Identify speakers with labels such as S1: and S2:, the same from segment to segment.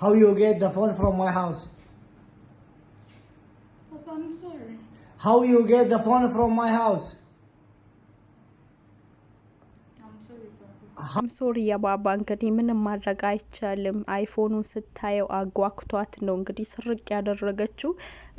S1: How you get the phone from my house?
S2: Papa, I'm sorry.
S1: How you get the phone from my house?
S3: ሶሪ የባባ እንግዲህ ምንም ማድረግ አይቻልም። አይፎኑን ስታየው አጓክቷት ነው እንግዲህ ስርቅ ያደረገችው።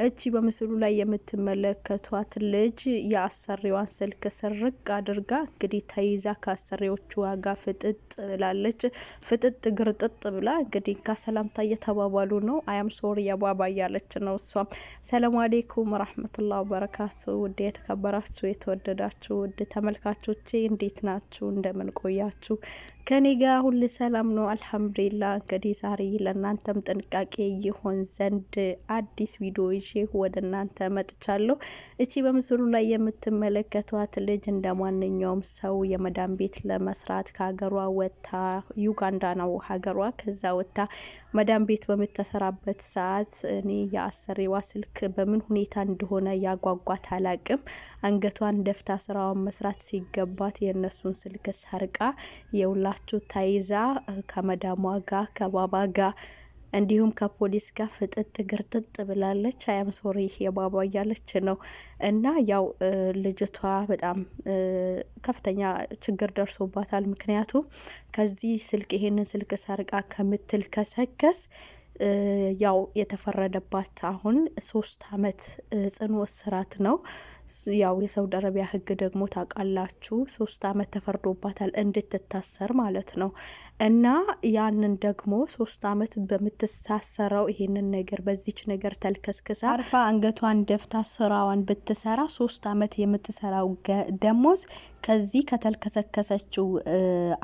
S3: እቺ በምስሉ ላይ የምትመለከቷት ልጅ የአሰሪዋን ስልክ ስርቅ አድርጋ እንግዲህ ተይዛ ከአሰሪዎቹ ዋጋ ፍጥጥ ብላለች። ፍጥጥ ግርጥጥ ብላ እንግዲህ ከሰላምታ እየተባባሉ ነው። አያም ሶሪ የባባ እያለች ነው እሷም። ሰላም አሌይኩም ረህመቱላ በረካቱ። ውድ የተከበራችሁ የተወደዳችሁ ውድ ተመልካቾቼ እንዴት ናችሁ? እንደምን ቆያችሁ? ይመቻችሁ። ከኔ ጋር ሁሉ ሰላም ነው አልሐምዱሊላ። እንግዲህ ዛሬ ለእናንተም ጥንቃቄ ይሆን ዘንድ አዲስ ቪዲዮ ይዤ ወደ እናንተ መጥቻለሁ። እቺ በምስሉ ላይ የምትመለከቷት ልጅ እንደ ማንኛውም ሰው የመዳን ቤት ለመስራት ከሀገሯ ወጥታ ዩጋንዳ ነው ሀገሯ። ከዛ ወጥታ መዳን ቤት በምትሰራበት ሰዓት እኔ የአሰሪዋ ስልክ በምን ሁኔታ እንደሆነ ያጓጓት አላቅም። አንገቷን ደፍታ ስራዋን መስራት ሲገባት የእነሱን ስልክ ሰርቃ የውላ ታውቃላችሁ፣ ተይዛ ከመዳሟ ጋር ከባባ ጋር እንዲሁም ከፖሊስ ጋር ፍጥጥ ግርጥጥ ብላለች። አያም ሶሪ የባባ እያለች ነው። እና ያው ልጅቷ በጣም ከፍተኛ ችግር ደርሶባታል። ምክንያቱም ከዚህ ስልክ ይሄንን ስልክ ሰርቃ ከምትል ከሰከስ ያው የተፈረደባት አሁን ሶስት አመት ጽኑ እስራት ነው። ያው የሳውዲ አረቢያ ህግ ደግሞ ታውቃላችሁ ሶስት አመት ተፈርዶባታል እንድትታሰር ማለት ነው። እና ያንን ደግሞ ሶስት አመት በምትታሰረው ይሄንን ነገር በዚች ነገር ተልከስክሳ አርፋ አንገቷን ደፍታ ስራዋን ብትሰራ ሶስት አመት የምትሰራው ደሞዝ ከዚህ ከተልከሰከሰችው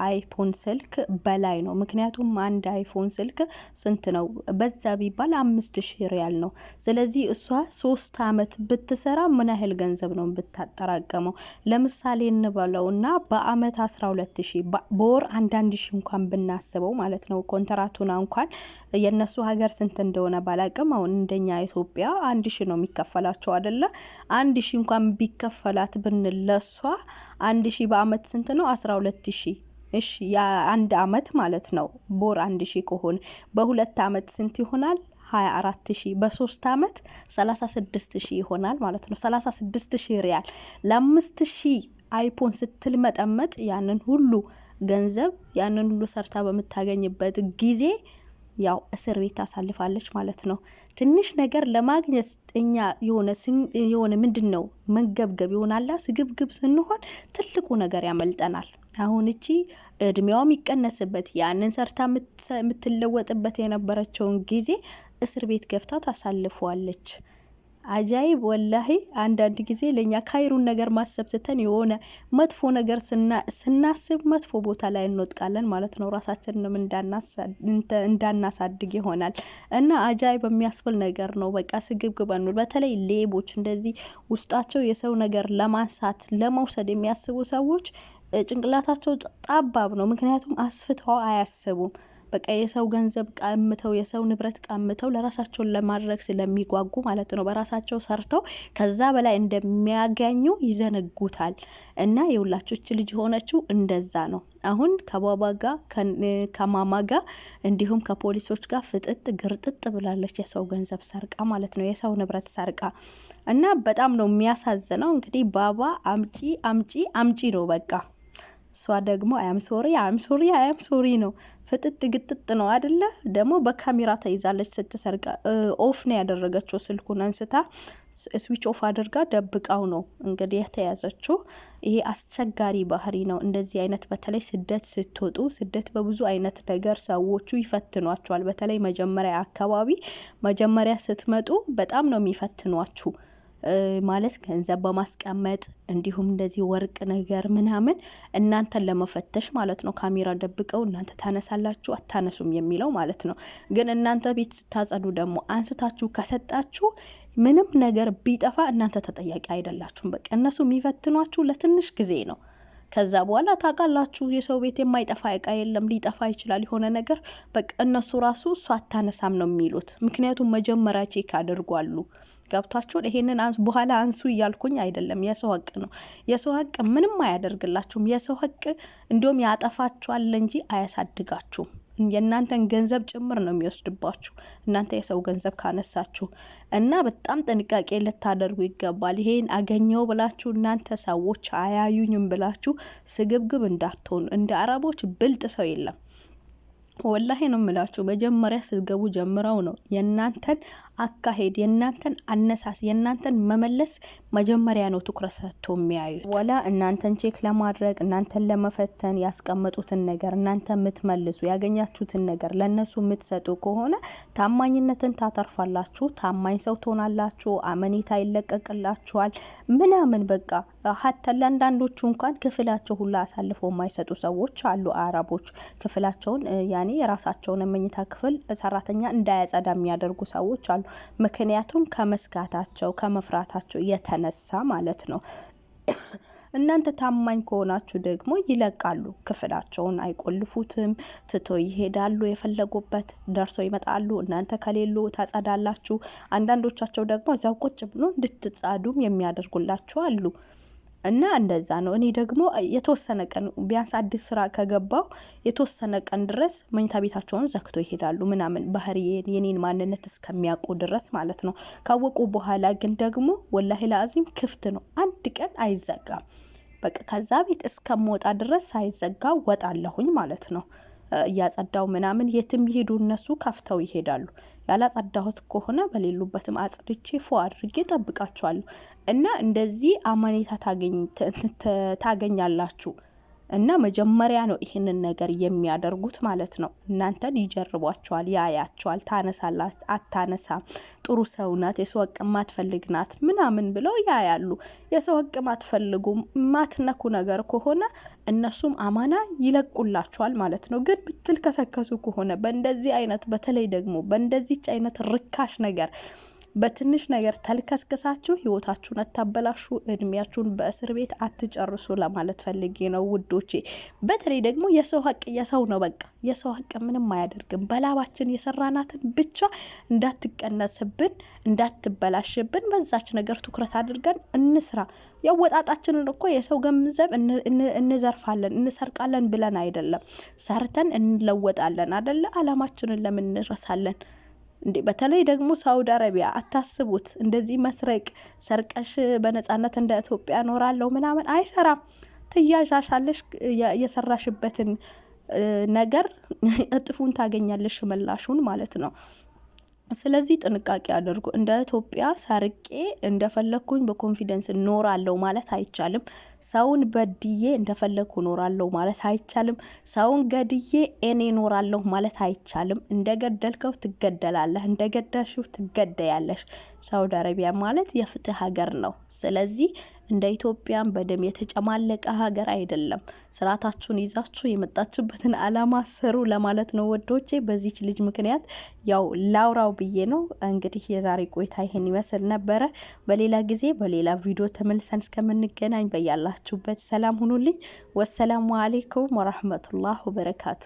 S3: አይፎን ስልክ በላይ ነው። ምክንያቱም አንድ አይፎን ስልክ ስንት ነው? በዛ ቢባል አምስት ሺ ሪያል ነው። ስለዚህ እሷ ሶስት አመት ብትሰራ ምን ያህል ገንዘብ ገንዘብ ነው ብታጠራቀመው ለምሳሌ እንበለው እና በአመት 12 ሺህ በወር አንዳንድ ሺ እንኳን ብናስበው ማለት ነው ኮንትራቱና እንኳን የእነሱ ሀገር ስንት እንደሆነ ባላቅም አሁን እንደኛ ኢትዮጵያ አንድ ሺ ነው የሚከፈላቸው አደለ አንድ እንኳን ቢከፈላት ብንለሷ አንድ ሺህ በአመት ስንት ነው? 12 ሁለት እሺ የአንድ አመት ማለት ነው። ቦር አንድ ሺህ ከሆነ በሁለት አመት ስንት ይሆናል? 24 ሺህ በሶስት ዓመት 36 ሺህ ይሆናል ማለት ነው። 36 ሺህ ሪያል ለአምስት ሺህ አይፎን ስትል መጠመጥ ያንን ሁሉ ገንዘብ ያንን ሁሉ ሰርታ በምታገኝበት ጊዜ ያው እስር ቤት ታሳልፋለች ማለት ነው። ትንሽ ነገር ለማግኘት እኛ የሆነ ምንድን ነው መንገብገብ ይሆናላ ስግብግብ ስንሆን ትልቁ ነገር ያመልጠናል። አሁን እቺ እድሜዋ የሚቀነስበት ያንን ሰርታ የምትለወጥበት የነበረችውን ጊዜ እስር ቤት ገብታ ታሳልፈዋለች። አጃይብ ወላሂ። አንዳንድ ጊዜ ለእኛ ካይሩን ነገር ማሰብ ስተን የሆነ መጥፎ ነገር ስናስብ መጥፎ ቦታ ላይ እንወጥቃለን ማለት ነው። ራሳችንንም እንዳናሳድግ ይሆናል እና አጃይብ የሚያስብል ነገር ነው። በቃ ስግብግብ በተለይ ሌቦች እንደዚህ ውስጣቸው የሰው ነገር ለማንሳት ለመውሰድ የሚያስቡ ሰዎች ጭንቅላታቸው ጠባብ ነው። ምክንያቱም አስፍተው አያስቡም። በቃ የሰው ገንዘብ ቀምተው የሰው ንብረት ቀምተው ለራሳቸውን ለማድረግ ስለሚጓጉ ማለት ነው። በራሳቸው ሰርተው ከዛ በላይ እንደሚያገኙ ይዘነጉታል። እና የሁላቾች ልጅ የሆነችው እንደዛ ነው። አሁን ከባባ ጋር ከማማ ጋር እንዲሁም ከፖሊሶች ጋር ፍጥጥ ግርጥጥ ብላለች። የሰው ገንዘብ ሰርቃ ማለት ነው፣ የሰው ንብረት ሰርቃ እና በጣም ነው የሚያሳዝነው። እንግዲህ ባባ አምጪ አምጪ አምጪ ነው በቃ እሷ ደግሞ አያም ሶሪ አያም ሶሪ አያም ሶሪ ነው። ፍጥጥ ግጥጥ ነው አደለ? ደግሞ በካሜራ ተይዛለች ስትሰርቃ። ኦፍ ነው ያደረገችው ስልኩን አንስታ ስዊች ኦፍ አድርጋ ደብቃው ነው እንግዲህ የተያዘችው። ይሄ አስቸጋሪ ባህሪ ነው። እንደዚህ አይነት በተለይ ስደት ስትወጡ፣ ስደት በብዙ አይነት ነገር ሰዎቹ ይፈትኗቸዋል። በተለይ መጀመሪያ አካባቢ መጀመሪያ ስትመጡ በጣም ነው የሚፈትኗችሁ። ማለት ገንዘብ በማስቀመጥ እንዲሁም እንደዚህ ወርቅ ነገር ምናምን እናንተን ለመፈተሽ ማለት ነው። ካሜራ ደብቀው እናንተ ታነሳላችሁ አታነሱም የሚለው ማለት ነው። ግን እናንተ ቤት ስታጸዱ ደግሞ አንስታችሁ ከሰጣችሁ ምንም ነገር ቢጠፋ እናንተ ተጠያቂ አይደላችሁም። በቃ እነሱ የሚፈትኗችሁ ለትንሽ ጊዜ ነው። ከዛ በኋላ ታውቃላችሁ፣ የሰው ቤት የማይጠፋ እቃ የለም። ሊጠፋ ይችላል የሆነ ነገር በቃ እነሱ ራሱ እሱ አታነሳም ነው የሚሉት። ምክንያቱም መጀመሪያ ቼክ አድርጓሉ። ገብቷቸውን ይሄንን በኋላ አንሱ እያልኩኝ አይደለም። የሰው ሀቅ ነው። የሰው ሀቅ ምንም አያደርግላችሁም። የሰው ሀቅ እንዲሁም ያጠፋችኋል እንጂ አያሳድጋችሁም። የእናንተን ገንዘብ ጭምር ነው የሚወስድባችሁ እናንተ የሰው ገንዘብ ካነሳችሁ እና በጣም ጥንቃቄ ልታደርጉ ይገባል። ይሄን አገኘው ብላችሁ እናንተ ሰዎች አያዩኝም ብላችሁ ስግብግብ እንዳትሆኑ። እንደ አረቦች ብልጥ ሰው የለም። ወላሄ ነው የምላችሁ። መጀመሪያ ስትገቡ ጀምረው ነው የእናንተን አካሄድ፣ የእናንተን አነሳስ፣ የእናንተን መመለስ መጀመሪያ ነው ትኩረት ሰጥቶ የሚያዩት። ወላ እናንተን ቼክ ለማድረግ እናንተን ለመፈተን ያስቀመጡትን ነገር እናንተ የምትመልሱ ያገኛችሁትን ነገር ለእነሱ የምትሰጡ ከሆነ ታማኝነትን ታተርፋላችሁ፣ ታማኝ ሰው ትሆናላችሁ፣ አመኔታ ይለቀቅላችኋል ምናምን በቃ ሀተ ለአንዳንዶቹ እንኳን ክፍላቸው ሁላ አሳልፎ የማይሰጡ ሰዎች አሉ። አረቦች ክፍላቸውን ያኔ የራሳቸውን መኝታ ክፍል ሰራተኛ እንዳያጸዳ የሚያደርጉ ሰዎች አሉ። ምክንያቱም ከመስጋታቸው ከመፍራታቸው የተነሳ ማለት ነው። እናንተ ታማኝ ከሆናችሁ ደግሞ ይለቃሉ፣ ክፍላቸውን አይቆልፉትም፣ ትቶ ይሄዳሉ። የፈለጉበት ደርሶ ይመጣሉ። እናንተ ከሌሉ ታጸዳላችሁ። አንዳንዶቻቸው ደግሞ እዚያው ቁጭ ብሎ እንድትጻዱም የሚያደርጉላችሁ አሉ። እና እንደዛ ነው። እኔ ደግሞ የተወሰነ ቀን ቢያንስ አዲስ ስራ ከገባው የተወሰነ ቀን ድረስ መኝታ ቤታቸውን ዘግቶ ይሄዳሉ ምናምን ባህሪ የኔን ማንነት እስከሚያውቁ ድረስ ማለት ነው። ካወቁ በኋላ ግን ደግሞ ወላሂ ለአዚም ክፍት ነው፣ አንድ ቀን አይዘጋም። በቃ ከዛ ቤት እስከምወጣ ድረስ አይዘጋ፣ ወጣለሁኝ ማለት ነው። እያጸዳው ምናምን የትም ይሄዱ እነሱ ከፍተው ይሄዳሉ። ያላጸዳሁት ከሆነ በሌሉበትም አጽድቼ ፎ አድርጌ ጠብቃቸዋለሁ እና እንደዚህ አማኔታ ታገኛላችሁ። እና መጀመሪያ ነው ይህንን ነገር የሚያደርጉት ማለት ነው። እናንተን ይጀርቧቸዋል፣ ያያቸዋል። ታነሳላት፣ አታነሳም፣ ጥሩ ሰው ናት፣ የሰው ሀቅ ማትፈልግ ናት ምናምን ብለው ያያሉ። የሰው ሀቅ ማትፈልጉ ማትነኩ ነገር ከሆነ እነሱም አማና ይለቁላቸዋል ማለት ነው። ግን ብትልከሰከሱ ከሆነ በእንደዚህ አይነት በተለይ ደግሞ በእንደዚች አይነት ርካሽ ነገር በትንሽ ነገር ተልከስከሳችሁ ህይወታችሁን አታበላሹ፣ እድሜያችሁን በእስር ቤት አትጨርሱ ለማለት ፈልጌ ነው ውዶቼ። በተለይ ደግሞ የሰው ሀቅ የሰው ነው። በቃ የሰው ሀቅ ምንም አያደርግም። በላባችን የሰራናትን ብቻ እንዳትቀነስብን፣ እንዳትበላሽብን በዛች ነገር ትኩረት አድርገን እንስራ። የወጣጣችንን እኮ የሰው ገንዘብ እንዘርፋለን እንሰርቃለን ብለን አይደለም። ሰርተን እንለወጣለን አደለ? አላማችንን ለምን እንረሳለን? እንዴ በተለይ ደግሞ ሳውዲ አረቢያ አታስቡት። እንደዚህ መስረቅ ሰርቀሽ በነጻነት እንደ ኢትዮጵያ ኖራለሁ ምናምን አይሰራም። ትያዣሻለሽ። የሰራሽበትን ነገር እጥፉን ታገኛለሽ፣ ምላሹን ማለት ነው። ስለዚህ ጥንቃቄ አድርጉ። እንደ ኢትዮጵያ ሰርቄ እንደፈለግኩኝ በኮንፊደንስ እኖራለሁ ማለት አይቻልም። ሰውን በድዬ እንደፈለግኩ እኖራለሁ ማለት አይቻልም። ሰውን ገድዬ እኔ እኖራለሁ ማለት አይቻልም። እንደ ገደልከው ትገደላለህ፣ እንደ ገደልሽው ትገደያለሽ። ሳውዲ አረቢያ ማለት የፍትህ ሀገር ነው። ስለዚህ እንደ ኢትዮጵያን በደም የተጨማለቀ ሀገር አይደለም። ስርዓታችሁን ይዛችሁ የመጣችሁበትን አላማ ስሩ ለማለት ነው ወዶቼ። በዚች ልጅ ምክንያት ያው ላውራው ብዬ ነው። እንግዲህ የዛሬ ቆይታ ይህን ይመስል ነበረ። በሌላ ጊዜ በሌላ ቪዲዮ ተመልሰን እስከምንገናኝ በያላችሁበት ሰላም ሁኑልኝ። ወሰላሙ አሌይኩም ወራህመቱላህ ወበረካቱ።